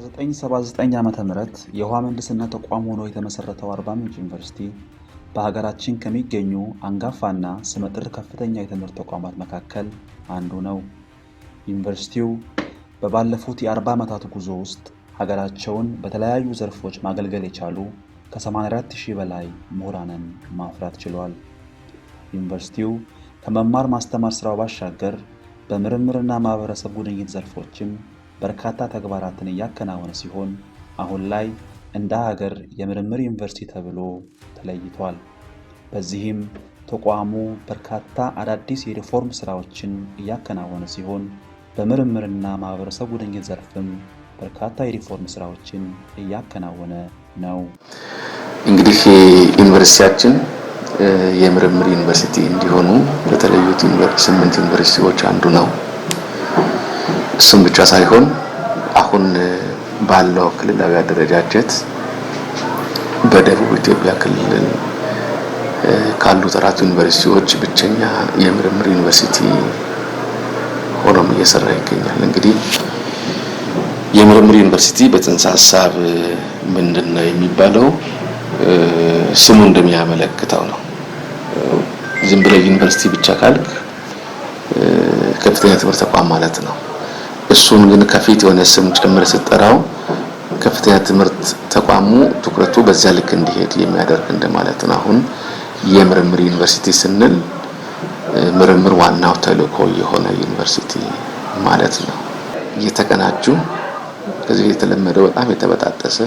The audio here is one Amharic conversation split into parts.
በ1979 ዓ ም የውሃ ምህንድስና ተቋም ሆኖ የተመሰረተው አርባ ምንጭ ዩኒቨርሲቲ በሀገራችን ከሚገኙ አንጋፋና ስመጥር ከፍተኛ የትምህርት ተቋማት መካከል አንዱ ነው። ዩኒቨርሲቲው በባለፉት የ40 ዓመታት ጉዞ ውስጥ ሀገራቸውን በተለያዩ ዘርፎች ማገልገል የቻሉ ከ84000 በላይ ምሁራንን ማፍራት ችሏል። ዩኒቨርሲቲው ከመማር ማስተማር ስራው ባሻገር በምርምርና ማህበረሰብ ጉድኝት ዘርፎችም በርካታ ተግባራትን እያከናወነ ሲሆን አሁን ላይ እንደ ሀገር የምርምር ዩኒቨርሲቲ ተብሎ ተለይቷል። በዚህም ተቋሙ በርካታ አዳዲስ የሪፎርም ስራዎችን እያከናወነ ሲሆን በምርምርና ማህበረሰብ ጉድኝት ዘርፍም በርካታ የሪፎርም ስራዎችን እያከናወነ ነው። እንግዲህ ዩኒቨርሲቲያችን የምርምር ዩኒቨርሲቲ እንዲሆኑ ከተለዩት ስምንት ዩኒቨርሲቲዎች አንዱ ነው። እሱም ብቻ ሳይሆን አሁን ባለው ክልላዊ አደረጃጀት በደቡብ ኢትዮጵያ ክልል ካሉት አራት ዩኒቨርሲቲዎች ብቸኛ የምርምር ዩኒቨርሲቲ ሆኖም እየሰራ ይገኛል። እንግዲህ የምርምር ዩኒቨርሲቲ በጽንሰ ሀሳብ ምንድን ነው የሚባለው? ስሙ እንደሚያመለክተው ነው። ዝም ብለ ዩኒቨርሲቲ ብቻ ካልክ ከፍተኛ ትምህርት ተቋም ማለት ነው። እሱን ግን ከፊት የሆነ ስም ጭምር ስጠራው ከፍተኛ ትምህርት ተቋሙ ትኩረቱ በዚያ ልክ እንዲሄድ የሚያደርግ እንደማለት ነው። አሁን የምርምር ዩኒቨርሲቲ ስንል ምርምር ዋናው ተልእኮ የሆነ ዩኒቨርሲቲ ማለት ነው። እየተቀናጁ ከዚህ የተለመደው በጣም የተበጣጠሰ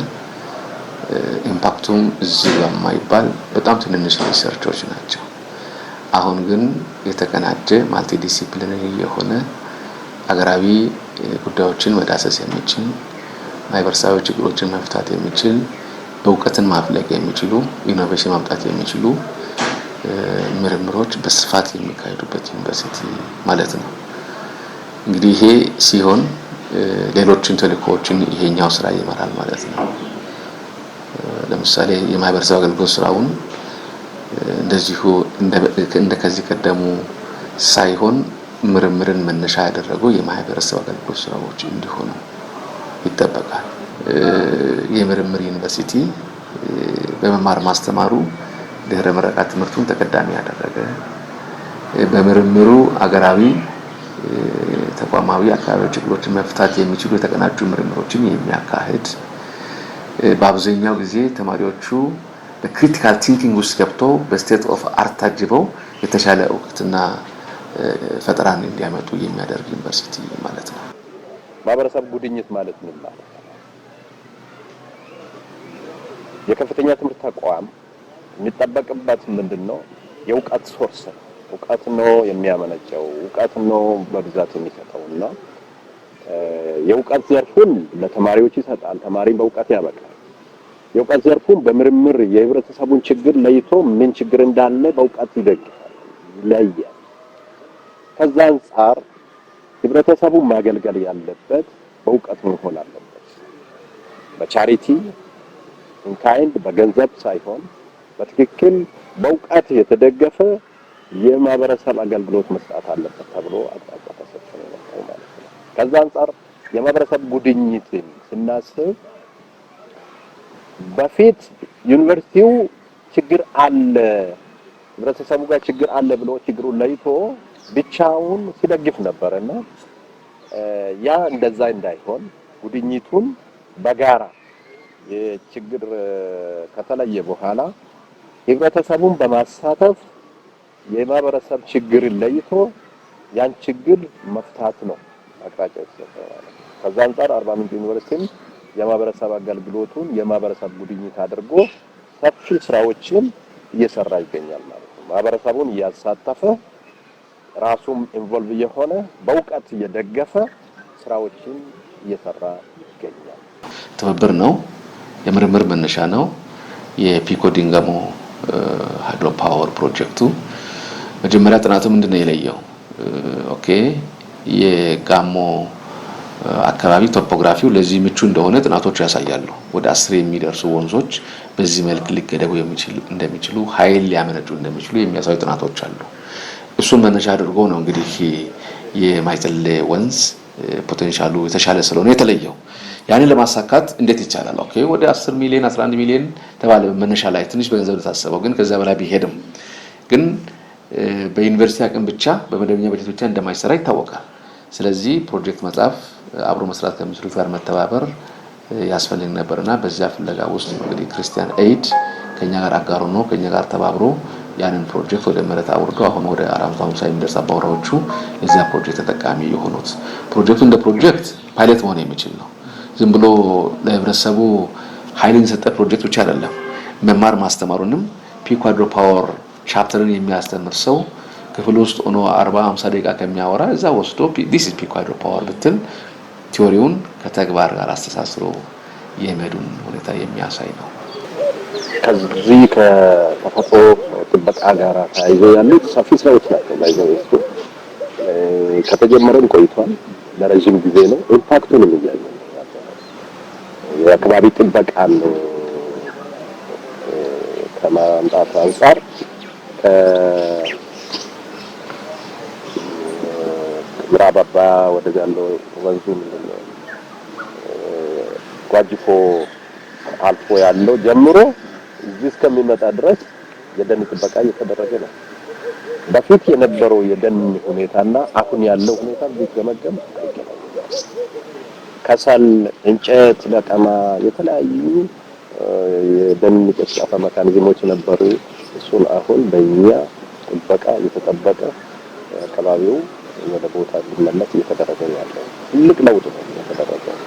ኢምፓክቱም እዚህ በማይባል በጣም ትንንሽ ሪሰርቾች ናቸው። አሁን ግን የተቀናጀ ማልቲዲሲፕሊነሪ የሆነ አገራዊ ጉዳዮችን መዳሰስ የሚችል ማህበረሰባዊ ችግሮችን መፍታት የሚችል እውቀትን ማፍለቅ የሚችሉ ኢኖቬሽን ማምጣት የሚችሉ ምርምሮች በስፋት የሚካሄዱበት ዩኒቨርሲቲ ማለት ነው። እንግዲህ ይሄ ሲሆን ሌሎችን ተልእኮዎችን ይሄኛው ስራ ይመራል ማለት ነው። ለምሳሌ የማህበረሰብ አገልግሎት ስራውን እንደዚሁ እንደከዚህ ቀደሙ ሳይሆን ምርምርን መነሻ ያደረጉ የማህበረሰብ አገልግሎት ስራዎች እንዲሆኑ ይጠበቃል። የምርምር ዩኒቨርሲቲ በመማር ማስተማሩ ድህረ ምረቃ ትምህርቱን ተቀዳሚ ያደረገ በምርምሩ አገራዊ ተቋማዊ አካባቢ ችግሮችን መፍታት የሚችሉ የተቀናጁ ምርምሮችን የሚያካሂድ በአብዛኛው ጊዜ ተማሪዎቹ በክሪቲካል ቲንኪንግ ውስጥ ገብቶ በስቴት ኦፍ አርት ታጅበው የተሻለ እውቀትና ፈጠራን እንዲያመጡ የሚያደርግ ዩኒቨርሲቲ ማለት ነው። ማህበረሰብ ጉድኝት ማለት ምን ማለት ነው? የከፍተኛ ትምህርት ተቋም የሚጠበቅበት ምንድን ነው? የእውቀት ሶርስ ነው። እውቀት ነው የሚያመነጨው፣ እውቀት ነው በብዛት የሚሰጠው እና የእውቀት ዘርፉን ለተማሪዎች ይሰጣል። ተማሪን በእውቀት ያበቃል። የእውቀት ዘርፉን በምርምር የህብረተሰቡን ችግር ለይቶ ምን ችግር እንዳለ በእውቀት ይደግፋል፣ ይለያል። ከዛ አንጻር ህብረተሰቡ ማገልገል ያለበት በእውቀት መሆን አለበት። በቻሪቲ ኢንካይንድ በገንዘብ ሳይሆን በትክክል በእውቀት የተደገፈ የማህበረሰብ አገልግሎት መስጠት አለበት ተብሎ አቅጣጫ ተሰጥቶ ነው ማለት ነው። ከዛ አንጻር የማህበረሰብ ጉድኝትን ስናስብ በፊት ዩኒቨርሲቲው ችግር አለ፣ ህብረተሰቡ ጋር ችግር አለ ብሎ ችግሩን ለይቶ ብቻውን ሲደግፍ ነበር እና ያ እንደዛ እንዳይሆን ጉድኝቱን በጋራ የችግር ከተለየ በኋላ ህብረተሰቡን በማሳተፍ የማህበረሰብ ችግርን ለይቶ ያን ችግር መፍታት ነው አቅጣጫ ይሰጠዋል። ከዛ አንጻር አርባ ምንጭ ዩኒቨርሲቲም የማህበረሰብ አገልግሎቱን የማህበረሰብ ጉድኝት አድርጎ ሰፊ ስራዎችን እየሰራ ይገኛል ማለት ነው። ማህበረሰቡን እያሳተፈ ራሱም ኢንቮልቭ የሆነ በእውቀት እየደገፈ ስራዎችን እየሰራ ይገኛል። ትብብር ነው፣ የምርምር መነሻ ነው። የፒኮ ዲንጋሞ ሃይድሮ ፓወር ፕሮጀክቱ መጀመሪያ ጥናቱ ምንድን ነው የለየው? ኦኬ የጋሞ አካባቢ ቶፖግራፊው ለዚህ ምቹ እንደሆነ ጥናቶች ያሳያሉ። ወደ አስር የሚደርሱ ወንዞች በዚህ መልክ ሊገደቡ እንደሚችሉ ኃይል ሊያመነጩ እንደሚችሉ የሚያሳዩ ጥናቶች አሉ። እሱን መነሻ አድርጎ ነው እንግዲህ የማይጨሌ ወንዝ ፖቴንሻሉ የተሻለ ስለሆነ የተለየው ያንን ለማሳካት እንዴት ይቻላል? ኦኬ ወደ 10 ሚሊዮን 11 ሚሊዮን ተባለ መነሻ ላይ ትንሽ በገንዘብ ታሰበው፣ ግን ከዛ በላይ ቢሄድም ግን በዩኒቨርሲቲ አቅም ብቻ በመደበኛ በጀት ብቻ እንደማይሰራ ይታወቃል። ስለዚህ ፕሮጀክት መጽሐፍ አብሮ መስራት ከሚችሉ ጋር መተባበር ያስፈልግ ነበርና በዚያ ፍለጋ ውስጥ እንግዲህ ክርስቲያን ኤይድ ከኛ ጋር አጋሩ ነው ከኛ ጋር ተባብሮ ያንን ፕሮጀክት ወደ መሬት አውርዶ አሁን ወደ አራት መቶ ሃምሳ የሚደርስ አባወራዎቹ የዚያ ፕሮጀክት ተጠቃሚ የሆኑት። ፕሮጀክቱ እንደ ፕሮጀክት ፓይለት መሆን የሚችል ነው። ዝም ብሎ ለህብረተሰቡ ኃይልን የሰጠ ፕሮጀክት ብቻ አይደለም። መማር ማስተማሩንም ፒኳድሮ ፓወር ቻፕተርን የሚያስተምር ሰው ክፍል ውስጥ ሆኖ 40 50 ደቂቃ ከሚያወራ እዛ ወስዶ ዲስ ኢዝ ፒክ ፓወር ብትል ቲዎሪውን ከተግባር ጋር አስተሳስሮ የመዱን ሁኔታ የሚያሳይ ነው። ከዚህ ከተፈጥሮ ጥበቃ ጋራ ተያይዞ ያሉት ሰፊ ስራዎች ናቸው። ባይዘው እሱ ከተጀመረም ቆይቷል። ለረዥም ጊዜ ነው። ኢምፓክቱን እያየን ነው። የአካባቢ ጥበቃን ከማምጣት አንጻር ምዕራብ አባ ወደዛ ያለው ወንዙ ምንድን ነው ጓጅፎ አልፎ ያለው ጀምሮ እዚህ እስከሚመጣ ድረስ የደን ጥበቃ እየተደረገ ነው። በፊት የነበረው የደን ሁኔታና አሁን ያለው ሁኔታ ቢገመገም ከሰል፣ እንጨት ለቀማ፣ የተለያዩ የደን ቅርጫታ መካኒዝሞች ነበሩ። እሱን አሁን በእኛ ጥበቃ እየተጠበቀ አካባቢው ወደ ቦታ እንዲመለስ እየተደረገ ያለው ትልቅ ለውጥ ነው የተደረገው።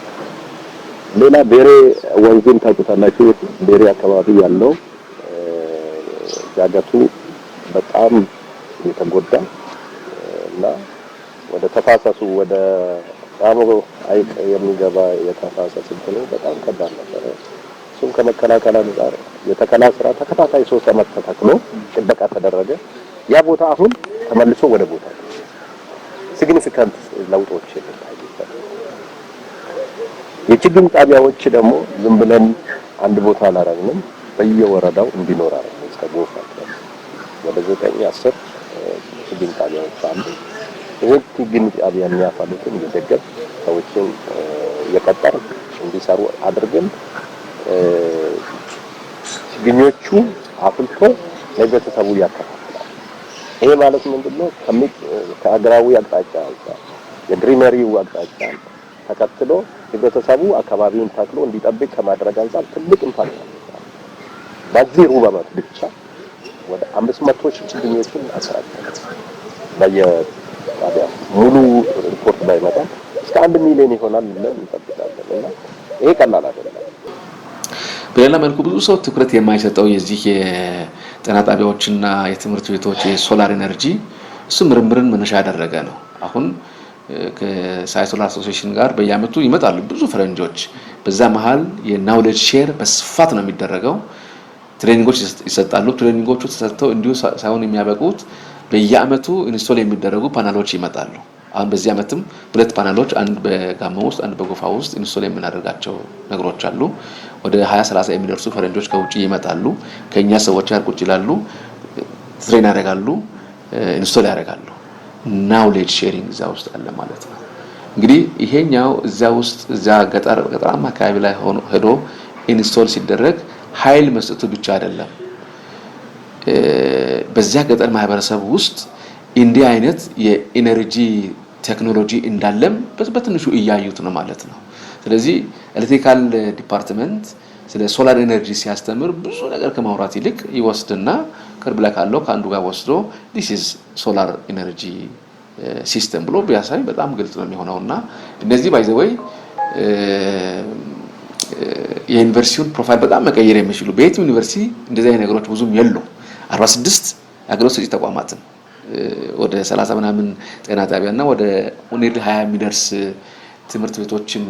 ሌላ ቤሬ ወንዝን ታውቁታላችሁ። ቤሬ አካባቢ ያለው ዳገቱ በጣም የተጎዳ እና ወደ ተፋሰሱ ወደ ጣሞ አይቅ የሚገባ የተፋሰስ እንትኑ በጣም ከባድ ነበር። እሱም ከመከላከል አንጻር የተከላ ስራ ተከታታይ ሶስት አመት ተተክሎ ጥበቃ ተደረገ። ያ ቦታ አሁን ተመልሶ ወደ ቦታ ሲግኒፊካንት ለውጦች የሚታይበት የችግኝ ጣቢያዎች ደግሞ ዝም ብለን አንድ ቦታ አላረግንም፣ በየወረዳው እንዲኖር አረግ እስከ ጎፋ ወደ ዘጠኝ አስር ችግኝ ጣቢያዎች አሉ። ይህ ችግኝ ጣቢያ የሚያፈሉትን እየደገፍ ሰዎችን እየቀጠር እንዲሰሩ አድርገን ችግኞቹ አፍልቶ ለቤተሰቡ ያከፋፍላል። ይሄ ማለት ምንድነው? ከአገራዊ አቅጣጫ አንጻር የግሪነሪው አቅጣጫ ተከትሎ ህብረተሰቡ አካባቢውን ተክሎ እንዲጠብቅ ከማድረግ አንጻር ትልቅ ኢምፓክት አለ። በዚህ ሩብ ዓመት ብቻ ወደ አምስት መቶ ሺህ ችግኞችን አስራለች ሙሉ ሪፖርት ባይመጣም እስከ አንድ ሚሊዮን ይሆናል ብለን እንጠብቃለን እና ይሄ ቀላል አይደለም። በሌላ መልኩ ብዙ ሰው ትኩረት የማይሰጠው የዚህ የጤና ጣቢያዎችና የትምህርት ቤቶች የሶላር ኤነርጂ እሱ ምርምርን መነሻ ያደረገ ነው። አሁን ከሳይሶላር አሶሲሽን ጋር በየአመቱ ይመጣሉ ብዙ ፈረንጆች። በዛ መሀል የናውሌጅ ሼር በስፋት ነው የሚደረገው። ትሬኒንጎች ይሰጣሉ። ትሬኒንጎቹ ተሰጥተው እንዲሁ ሳይሆን የሚያበቁት በየአመቱ ኢንስቶል የሚደረጉ ፓናሎች ይመጣሉ። አሁን በዚህ አመትም ሁለት ፓናሎች አንድ በጋሞ ውስጥ አንድ በጎፋ ውስጥ ኢንስቶል የምናደርጋቸው ነገሮች አሉ። ወደ 20 30 የሚደርሱ ፈረንጆች ከውጭ ይመጣሉ። ከእኛ ሰዎች ጋር ቁጭ ይላሉ፣ ትሬን ያደርጋሉ፣ ኢንስቶል ያደርጋሉ። ናውሌጅ ሼሪንግ እዛ ውስጥ አለ ማለት ነው። እንግዲህ ይሄኛው እዛ ውስጥ እዛ ገጠራማ አካባቢ ላይ ሄዶ ኢንስቶል ሲደረግ ኃይል መስጠቱ ብቻ አይደለም። በዚያ ገጠር ማህበረሰብ ውስጥ እንዲህ አይነት የኢነርጂ ቴክኖሎጂ እንዳለም በትንሹ እያዩት ነው ማለት ነው። ስለዚህ ኤሌክትሪካል ዲፓርትመንት ስለ ሶላር ኤነርጂ ሲያስተምር ብዙ ነገር ከማውራት ይልቅ ይወስድና ቅርብ ላይ ካለው ከአንዱ ጋር ወስዶ ዲስ ኢዝ ሶላር ኤነርጂ ሲስተም ብሎ ቢያሳይ በጣም ግልጽ ነው የሚሆነው እና እነዚህ ባይዘወይ የዩኒቨርሲቲውን ፕሮፋይል በጣም መቀየር የሚችሉ በየት ዩኒቨርሲቲ እንደዚህ አይነት ነገሮች ብዙም የሉ። 46 አገልግሎት ሰጪ ተቋማትን ወደ 30 ምናምን ጤና ጣቢያና ወደ ኦኔል 20 የሚደርስ ትምህርት ቤቶችን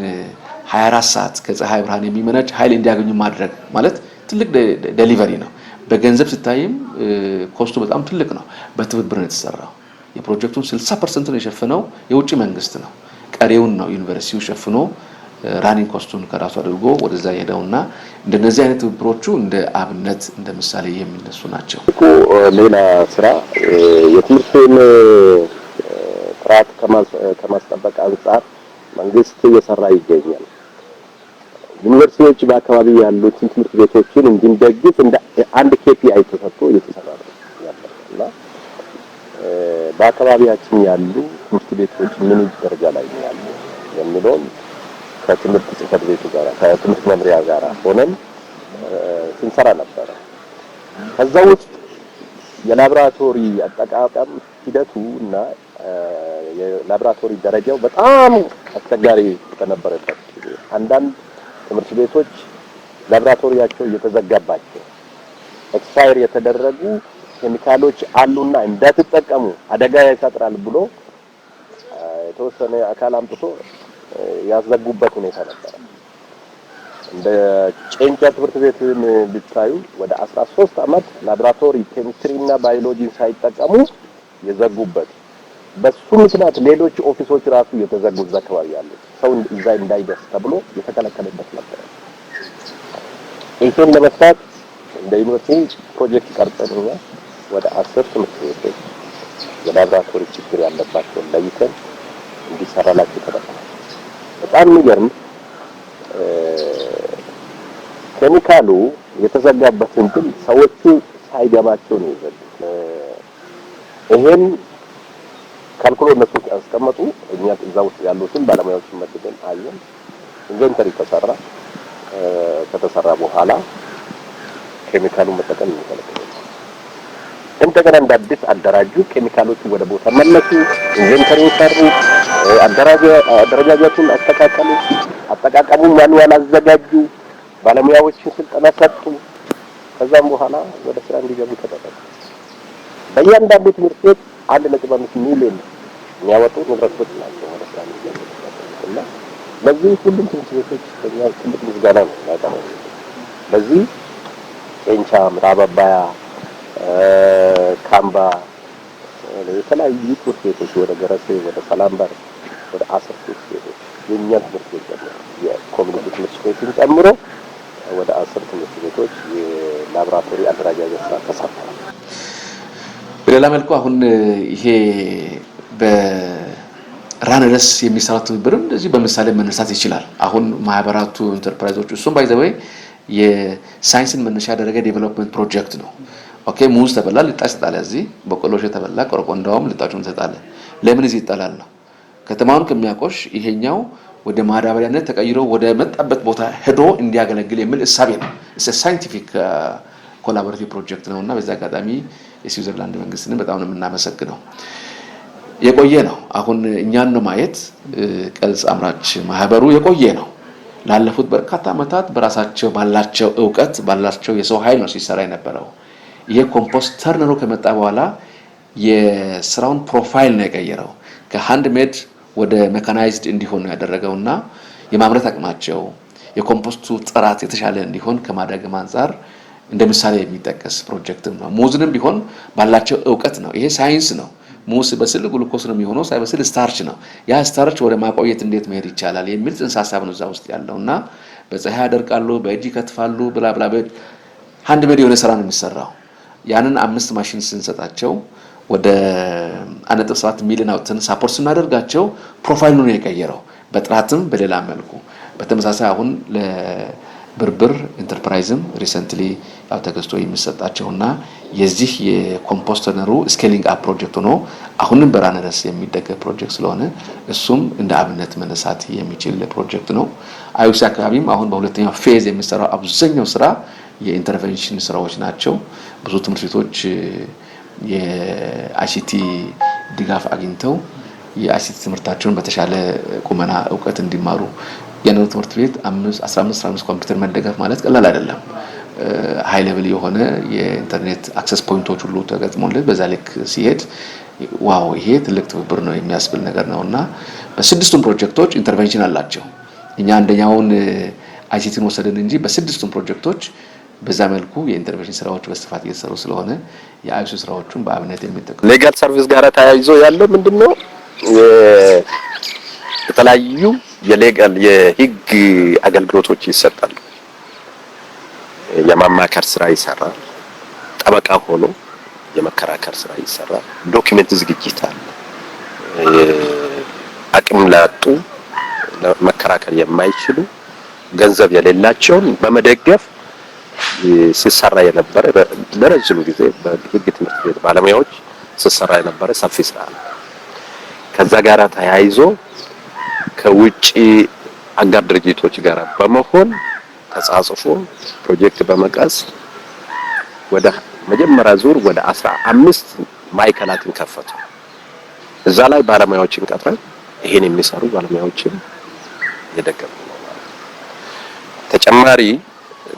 24 ሰዓት ከፀሐይ ብርሃን የሚመነጭ ኃይል እንዲያገኙ ማድረግ ማለት ትልቅ ደሊቨሪ ነው። በገንዘብ ሲታይም ኮስቱ በጣም ትልቅ ነው። በትብብር ነው የተሰራው። የፕሮጀክቱን 60 ነው የሸፈነው የውጭ መንግስት ነው። ቀሪውን ነው ዩኒቨርሲቲው ሸፍኖ ራኒንግ ኮስቱን ከራሱ አድርጎ ወደዛ ሄደውና እንደነዚህ አይነት ትብብሮቹ እንደ አብነት እንደ ምሳሌ የሚነሱ ናቸው ሌላ ስራ የትምህርቱን ጥራት ከማስጠበቅ አንጻር መንግስት እየሰራ ይገኛል። ዩኒቨርሲቲዎች በአካባቢ ያሉትን ትምህርት ቤቶችን እንዲንደግፍ እንደ አንድ ኬፒአይ ተሰጥቶ እየተሰራ ነው እና በአካባቢያችን ያሉ ትምህርት ቤቶች ምን ደረጃ ላይ ያሉ የሚለውን ከትምህርት ጽህፈት ቤቱ ጋር ከትምህርት መምሪያ ጋር ሆነን ስንሰራ ነበረ። ከዛ ውስጥ የላብራቶሪ አጠቃቀም ሂደቱ እና የላብራቶሪ ደረጃው በጣም አስቸጋሪ ተነበረበት አንዳንድ ትምህርት ቤቶች ላብራቶሪያቸው እየተዘጋባቸው ኤክስፓየር የተደረጉ ኬሚካሎች አሉና እንዳትጠቀሙ አደጋ ያሳጥራል ብሎ የተወሰነ አካል አምጥቶ ያዘጉበት ሁኔታ ነበረ። እንደ ጨንጫ ትምህርት ቤትን ብታዩ ወደ 13 አመት ላብራቶሪ ኬሚስትሪ እና ባዮሎጂን ሳይጠቀሙ የዘጉበት በሱ ምክንያት ሌሎች ኦፊሶች ራሱ የተዘጉ እዛ አካባቢ ያሉ ሰው እዛ እንዳይደርስ ተብሎ የተከለከለበት ነበር። ይሄን ለመፍታት እንደ ዩኒቨርሲቲ ፕሮጀክት ቀርጸንኛ ወደ አስር ትምህርት ቤቶች የላብራቶሪ ችግር ያለባቸውን ለይተን እንዲሰራላቸው ተደርጓል። በጣም የሚገርም ኬሚካሉ የተዘጋበት ግን ሰዎቹ ሳይገባቸው ነው የዘጉት። ይሄን ካልኩሎ እነሱ ያስቀመጡ እኛ እዛ ውስጥ ያሉትን ባለሙያዎችን መጥተን አየን። ኢንቨንተሪ ተሰራ። ከተሰራ በኋላ ኬሚካሉን መጠቀም የሚከለክል እንደገና እንደ አዲስ አደራጁ። ኬሚካሎቹ ወደ ቦታ መለሱ። ኢንቨንተሪውን ሰሩ። አደረጃጀቱን አስተካከሉ፣ አጠቃቀሙን ያን ያን አዘጋጁ፣ ባለሙያዎችን ስልጠና ሰጡ። ከዛም በኋላ ወደ ስራ እንዲገቡ ተደረገ። በእያንዳንዱ ትምህርት ቤት አንድ ነጥብ አምስት ሚሊዮን የሚያወጡ ንብረቶች ናቸው ወደ ስራ እንዲገቡ እና ለዚህ ሁሉም ትምህርት ቤቶች ከኛ ትልቅ ምስጋና ነው ያቀረቡ። ለዚህ ቄንቻ፣ ምዕራብ አባያ፣ ካምባ የተለያዩ ትምህርት ቤቶች ወደ ገረሴ፣ ወደ ሰላምበር ወደ አስር ሴት ቤቶች የእኛን ትምህርት ቤት ጨምሮ የኮሚኒቲ ትምህርት ቤትን ጨምሮ ወደ አስር ትምህርት ቤቶች የላቦራቶሪ አደረጃጀት ስራ ተሳትፏል። በሌላ መልኩ አሁን ይሄ በራንደስ የሚሰራ ትብብርም እንደዚህ በምሳሌ መነሳት ይችላል። አሁን ማህበራቱ ኢንተርፕራይዞች እሱም ባይ ዘ ባይዘበይ የሳይንስን መነሻ ያደረገ ዴቨሎፕመንት ፕሮጀክት ነው። ኦኬ ሙዝ ተበላ ልጣጭ ተጣለ። እዚህ በቆሎሽ ተበላ ቆርቆ እንዳውም ልጣጩን ተጣለ። ለምን እዚህ ይጣላል ነው ከተማውን ከሚያቆሽ ይሄኛው ወደ ማዳበሪያነት ተቀይሮ ወደ መጣበት ቦታ ሄዶ እንዲያገለግል የሚል እሳቤ ነው። ሳይንቲፊክ ኮላቦሬቲቭ ፕሮጀክት ነው እና በዚ አጋጣሚ የስዊዘርላንድ መንግስትንም በጣም ነው የምናመሰግነው። የቆየ ነው። አሁን እኛን ነው ማየት። ቅርጽ አምራች ማህበሩ የቆየ ነው። ላለፉት በርካታ ዓመታት በራሳቸው ባላቸው እውቀት ባላቸው የሰው ኃይል ነው ሲሰራ የነበረው። ይሄ ኮምፖስት ተርነሮ ከመጣ በኋላ የስራውን ፕሮፋይል ነው የቀየረው ከሃንድ ሜድ ወደ መካናይዝድ እንዲሆን ነው እና የማምረት አቅማቸው የኮምፖስቱ ጥራት የተሻለ እንዲሆን ከማደግም አንጻር እንደ ምሳሌ የሚጠቀስ ፕሮጀክትም ነው። ሙዝንም ቢሆን ባላቸው እውቀት ነው። ይሄ ሳይንስ ነው። ሙዝ በስል ግሉኮስ ነው የሚሆነው፣ ሳይበስል ስታርች ነው። ያ ስታርች ወደ ማቆየት እንዴት መሄድ ይቻላል የሚል ጽንሰ ሀሳብ ነው እዛ ውስጥ ያለው እና በፀሐይ ያደርቃሉ፣ በእጅ ይከትፋሉ፣ ብላብላ ሀንድ ሜድ የሆነ ስራ ነው የሚሰራው። ያንን አምስት ማሽን ስንሰጣቸው ወደ 1.7 ሚሊዮን አውጥተን ሳፖርት ስናደርጋቸው ፕሮፋይሉን የቀየረው በጥራትም በሌላ መልኩ። በተመሳሳይ አሁን ለብርብር ኢንተርፕራይዝም ሪሰንትሊ ያው ተገዝቶ የሚሰጣቸውና የዚህ የኮምፖስተነሩ ስኬሊንግ አፕ ፕሮጀክት ሆኖ አሁንም በራነረስ የሚደገፍ ፕሮጀክት ስለሆነ እሱም እንደ አብነት መነሳት የሚችል ፕሮጀክት ነው። አዩሲ አካባቢም አሁን በሁለተኛው ፌዝ የሚሰራው አብዛኛው ስራ የኢንተርቨንሽን ስራዎች ናቸው። ብዙ ትምህርት ቤቶች የአይሲቲ ድጋፍ አግኝተው የአይሲቲ ትምህርታቸውን በተሻለ ቁመና እውቀት እንዲማሩ የአንዱ ትምህርት ቤት 15 ኮምፒውተር መደገፍ ማለት ቀላል አይደለም። ሃይ ሌቭል የሆነ የኢንተርኔት አክሰስ ፖይንቶች ሁሉ ተገጥሞለት በዛ ልክ ሲሄድ ዋው ይሄ ትልቅ ትብብር ነው የሚያስብል ነገር ነው እና በስድስቱም ፕሮጀክቶች ኢንተርቬንሽን አላቸው። እኛ አንደኛውን አይሲቲን ወሰድን እንጂ በስድስቱም ፕሮጀክቶች በዛ መልኩ የኢንተርቬንሽን ስራዎች በስፋት እየተሰሩ ስለሆነ የአይሱ ስራዎቹን በአብነት የሚጠቅ ሌጋል ሰርቪስ ጋር ተያይዞ ያለው ምንድን ነው? የተለያዩ የሌጋል የህግ አገልግሎቶች ይሰጣሉ። የማማከር ስራ ይሰራል። ጠበቃ ሆኖ የመከራከር ስራ ይሰራል። ዶክመንት ዝግጅት አለ። አቅም ላጡ መከራከር የማይችሉ ገንዘብ የሌላቸውን በመደገፍ ሲሰራ የነበረ ለረጅሙ ጊዜ በህግ ትምህርት ቤት ባለሙያዎች ሲሰራ የነበረ ሰፊ ስራ ነው። ከዛ ጋራ ተያይዞ ከውጪ አጋር ድርጅቶች ጋር በመሆን ተጻጽፎ ፕሮጀክት በመቀስ ወደ መጀመሪያ ዙር ወደ አስራ አምስት ማዕከላትን ከፈቱ። እዛ ላይ ባለሙያዎችን ቀጥረን ይሄን የሚሰሩ ባለሙያዎችን እየደገሙ ነው። ተጨማሪ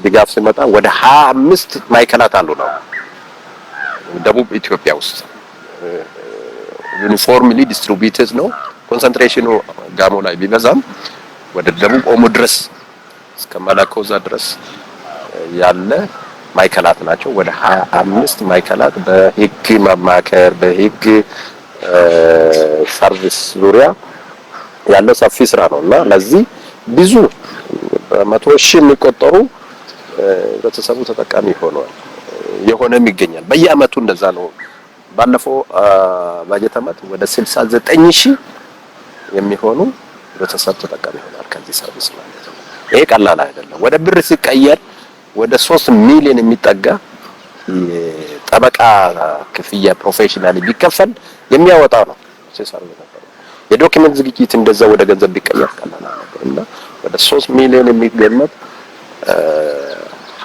ድጋፍ ሲመጣ ወደ ሀያ አምስት ማዕከላት አሉ ነው ደቡብ ኢትዮጵያ ውስጥ ዩኒፎርምሊ ዲስትሪቢዩትድ ነው። ኮንሰንትሬሽኑ ጋሞ ላይ ቢበዛም ወደ ደቡብ ኦሞ ድረስ እስከ መለኮዛ ድረስ ያለ ማዕከላት ናቸው። ወደ ሀያ አምስት ማዕከላት በህግ መማከር በህግ ሰርቪስ ዙሪያ ያለው ሰፊ ስራ ነው እና ለዚህ ብዙ በመቶ ሺህ የሚቆጠሩ ህብረተሰቡ ተጠቃሚ ሆኗል። የሆነም ይገኛል። በየአመቱ እንደዛ ነው። ባለፈው ባጀት አመት ወደ 69 ሺህ የሚሆኑ ህብረተሰብ ተጠቃሚ ሆኗል ከዚህ ሰርቪስ ማለት ነው። ይሄ ቀላል አይደለም። ወደ ብር ሲቀየር ወደ 3 ሚሊዮን የሚጠጋ ጠበቃ ክፍያ ፕሮፌሽናል ቢከፈል የሚያወጣ ነው ሲሰሩ ነበር። የዶክመንት ዝግጅት እንደዛ ወደ ገንዘብ ቢቀየር ቀላል ነበር እና ወደ 3 ሚሊዮን የሚገመት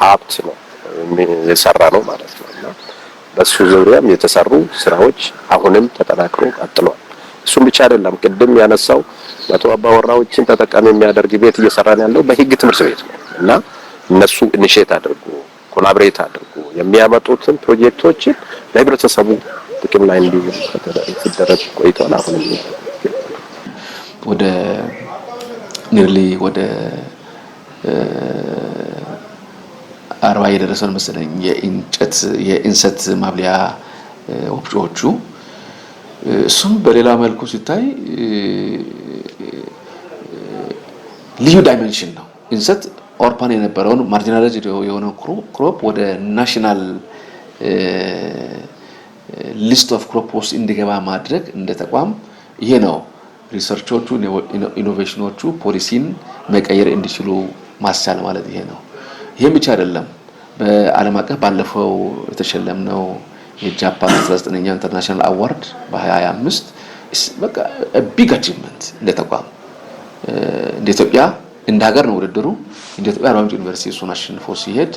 ሀብት ነው የሰራ ነው ማለት ነው እና በሱ ዙሪያም የተሰሩ ስራዎች አሁንም ተጠናክሮ ቀጥሏል። እሱም ብቻ አይደለም። ቅድም ያነሳው መቶ አባወራዎችን ተጠቃሚ የሚያደርግ ቤት እየሰራን ያለው በህግ ትምህርት ቤት ነው እና እነሱ ኢኒሼት አድርጎ ኮላብሬት አድርጎ የሚያመጡትን ፕሮጀክቶችን ለህብረተሰቡ ጥቅም ላይ እንዲውል ሲደረግ ቆይቷል። አሁን ወደ ኒርሊ ወደ አርባ የደረሰን መሰለኝ የእንጨት የእንሰት ማብሊያ ወፍጮዎቹ። እሱም በሌላ መልኩ ሲታይ ልዩ ዳይመንሽን ነው። እንሰት ኦርፓን የነበረውን ማርጂናላጅ የሆነ ክሮፕ ወደ ናሽናል ሊስት ኦፍ ክሮፕ ውስጥ እንዲገባ ማድረግ እንደ ተቋም ይሄ ነው። ሪሰርቾቹ ኢኖቬሽኖቹ ፖሊሲን መቀየር እንዲችሉ ማስቻል ማለት ይሄ ነው። ይህም ብቻ አይደለም። በዓለም አቀፍ ባለፈው የተሸለምነው የጃፓን 19ኛው ኢንተርናሽናል አዋርድ በ25 በቃ ቢግ አቺቭመንት እንደ ተቋም እንደ ኢትዮጵያ እንደ ሀገር ነው ውድድሩ። እንደ ኢትዮጵያ አርባ ምንጭ ዩኒቨርሲቲ እሱን አሸንፎ ሲሄድ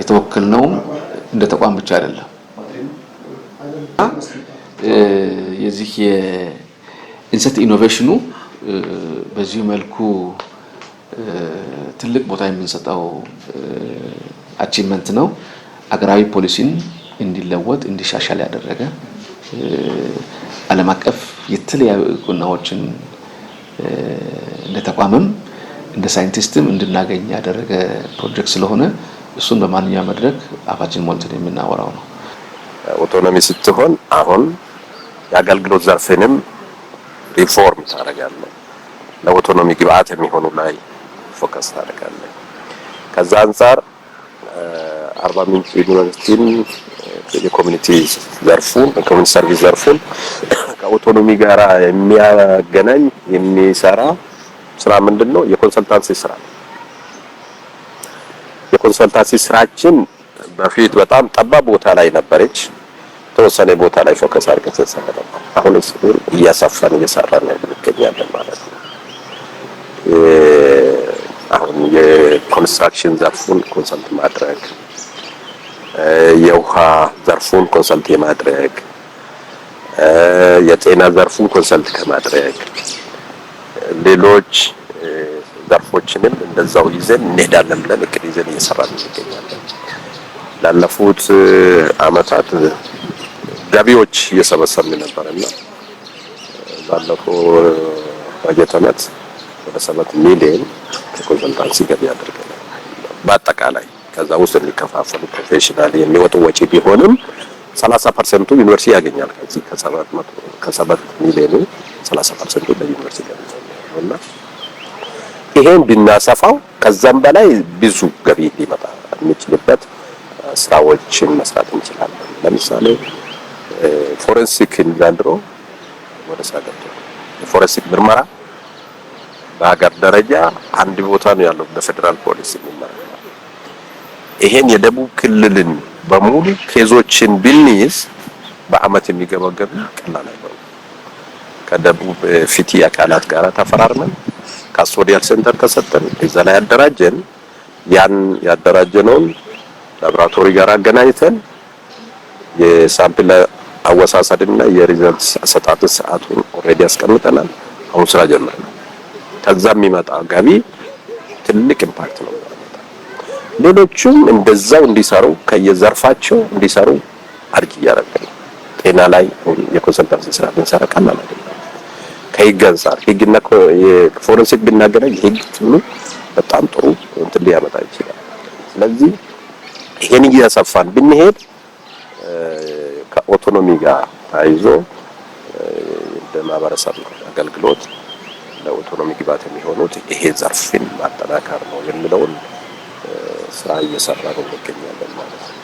የተወከልነውም እንደ ተቋም ብቻ አይደለም። የዚህ የኢንሰት ኢኖቬሽኑ በዚሁ መልኩ ትልቅ ቦታ የምንሰጠው አቺቭመንት ነው። አገራዊ ፖሊሲን እንዲለወጥ እንዲሻሻል ያደረገ ዓለም አቀፍ የተለያዩ እውቅናዎችን እንደ ተቋምም እንደ ሳይንቲስትም እንድናገኝ ያደረገ ፕሮጀክት ስለሆነ እሱን በማንኛውም መድረክ አፋችን ሞልተን የምናወራው ነው። ኦቶኖሚ ስትሆን አሁን የአገልግሎት ዘርፍንም ሪፎርም ታደርጋለህ። ለኦቶኖሚ ግብአት የሚሆኑ ላይ ፎከስ ታደርጋለህ። ከዛ አንጻር አርባ ምንጭ ዩኒቨርሲቲን የኮሚኒቲ ዘርፉን ኮሚኒቲ ሰርቪስ ዘርፉን ከኦቶኖሚ ጋራ የሚያገናኝ የሚሰራ ስራ ምንድን ነው? የኮንሰልታንሲ ስራ ነው። የኮንሰልታንሲ ስራችን በፊት በጣም ጠባብ ቦታ ላይ ነበረች። ተወሰነ ቦታ ላይ ፎከስ አድርገን ስንሰራ ነበር። አሁን እያሳፋን እየሰራን እንገኛለን ማለት ነው። አሁን የኮንስትራክሽን ዘርፉን ኮንሰልት ማድረግ፣ የውሃ ዘርፉን ኮንሰልት የማድረግ የጤና ዘርፉን ኮንሰልት ከማድረግ ሌሎች ዘርፎችንም እንደዛው ይዘን እንሄዳለን ብለን እቅድ ይዘን እየሰራን እንገኛለን። ላለፉት አመታት ገቢዎች እየሰበሰብን ነበርና ባለፈው በጀት አመት ወደ ሰባት ሚሊዮን የኮንሰልታንሲ ገቢ አድርገናል። በአጠቃላይ ከዛ ውስጥ የሚከፋፈሉ ፕሮፌሽናል የሚወጡ ወጪ ቢሆንም 30 ፐርሰንቱ ዩኒቨርሲቲ ያገኛል። ከዚህ ከሰባት ሚሊዮኑ 30 ፐርሰንቱ ለዩኒቨርሲቲ እና ይሄን ብናሰፋው ከዛም በላይ ብዙ ገቢ ሊመጣ የሚችልበት ስራዎችን መስራት እንችላለን። ለምሳሌ ፎረንሲክ ዘንድሮ ወደ ስራ ገብቶ የፎረንሲክ ምርመራ በሀገር ደረጃ አንድ ቦታ ነው ያለው በፌደራል ፖሊስ የሚመራ ይሄን የደቡብ ክልልን በሙሉ ኬዞችን ብንይዝ በአመት የሚገበገብ ቀላል አይሆንም። ከደቡብ ፊቲ አካላት ጋር ተፈራርመን ካስቶዲያል ሴንተር ተሰጠን። እዛ ላይ ያደራጀን ያን ያደራጀነውን ላብራቶሪ ጋር አገናኝተን የሳምፕል አወሳሰድና የሪዘልት አሰጣጥ ሰዓቱን ኦልሬዲ አስቀምጠናል። አሁን ስራ ጀምረናል። ከዛ የሚመጣ ገቢ ትልቅ ኢምፓክት ነው። ሌሎቹም እንደዛው እንዲሰሩ ከየዘርፋቸው እንዲሰሩ አድርጊ እያደረግን ነው። ጤና ላይ የኮንሰልታንሲ ስራ ብንሰራ ቀላል አይደለም። ከህግ አንጻር ህግና ፎረንሲክ ብናገናኝ ህግ ትሉ በጣም ጥሩ እንትን ሊያመጣ ይችላል። ስለዚህ ይሄን እያሰፋን ብንሄድ ከኦቶኖሚ ጋር ተያይዞ እንደ ማህበረሰብ አገልግሎት ለኢኮኖሚ ግብዓት የሚሆኑት ይሄ ዘርፍን ማጠናከር ነው የሚለውን ስራ ነው እንገኛለን ማለት ነው።